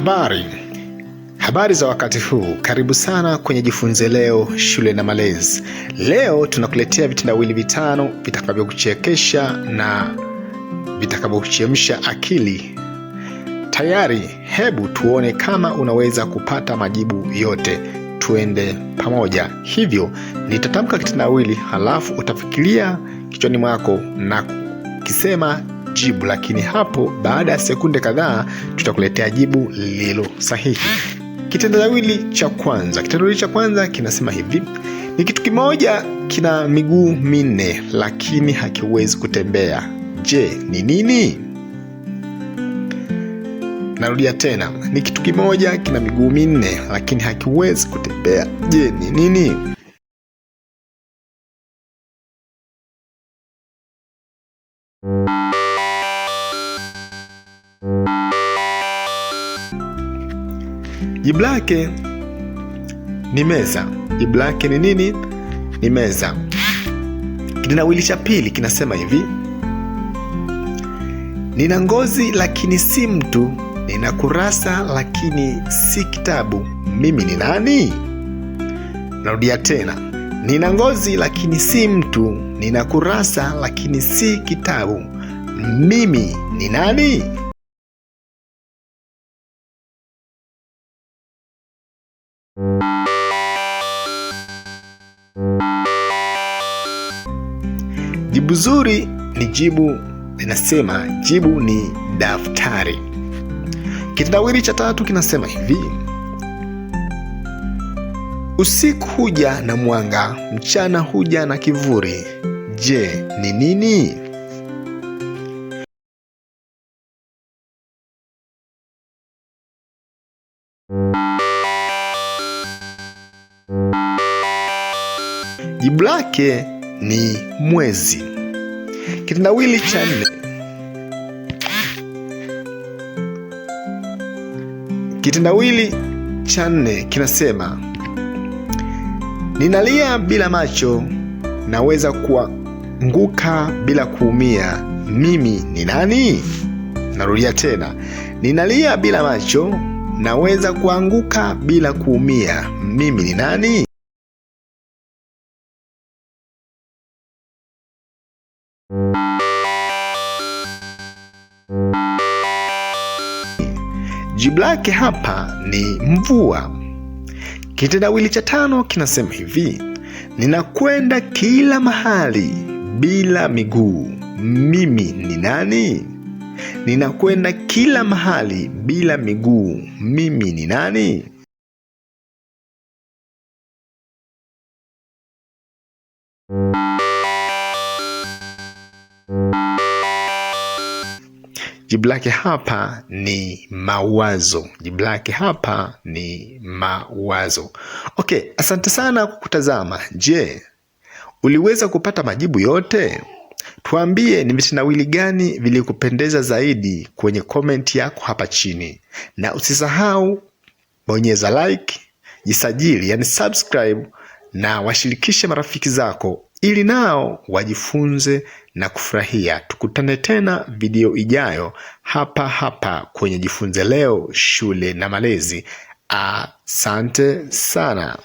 Habari, habari za wakati huu. Karibu sana kwenye Jifunze Leo Shule na Malezi. Leo tunakuletea vitendawili vitano vitakavyokuchekesha na vitakavyokuchemsha akili. Tayari? Hebu tuone kama unaweza kupata majibu yote. Tuende pamoja. Hivyo nitatamka kitendawili, halafu utafikiria kichwani mwako na kukisema jibu, lakini hapo baada ya sekunde kadhaa tutakuletea jibu lililo sahihi. Kitendawili cha kwanza, kitendawili cha kwanza kinasema hivi: ni kitu kimoja kina miguu minne lakini hakiwezi kutembea. Je, ni nini? Narudia tena, ni kitu kimoja kina miguu minne lakini hakiwezi kutembea. Je, ni nini? jibu lake ni meza. Jibu lake ni nini? Ni meza. Kitendawili cha pili kinasema hivi: nina ngozi lakini si mtu, nina kurasa lakini si kitabu, mimi ni nani? Narudia tena, nina ngozi lakini si mtu, nina kurasa lakini si kitabu, mimi ni nani? Jibu zuri ni jibu linasema, jibu ni daftari. Kitendawili cha tatu kinasema hivi: usiku huja na mwanga, mchana huja na kivuli. Je, ni nini? Jibu lake ni mwezi kitendawili cha nne kitendawili cha nne kinasema ninalia bila macho, naweza kuanguka bila kuumia, mimi ni nani? Narudia tena, ninalia bila macho, naweza kuanguka bila kuumia, mimi ni nani? Jibu lake hapa ni mvua. Kitendawili cha tano kinasema hivi: ninakwenda kila mahali bila miguu, mimi ni nani? Ninakwenda kila mahali bila miguu, mimi ni nani? Jibu lake hapa ni mawazo. Jibu lake hapa ni mawazo. Okay, asante sana kwa kutazama. Je, uliweza kupata majibu yote? Tuambie ni vitendawili gani vilikupendeza zaidi kwenye komenti yako hapa chini, na usisahau bonyeza like, jisajili, yani subscribe na washirikishe marafiki zako ili nao wajifunze na kufurahia. Tukutane tena video ijayo hapa hapa kwenye Jifunze Leo Shule na Malezi. Asante sana.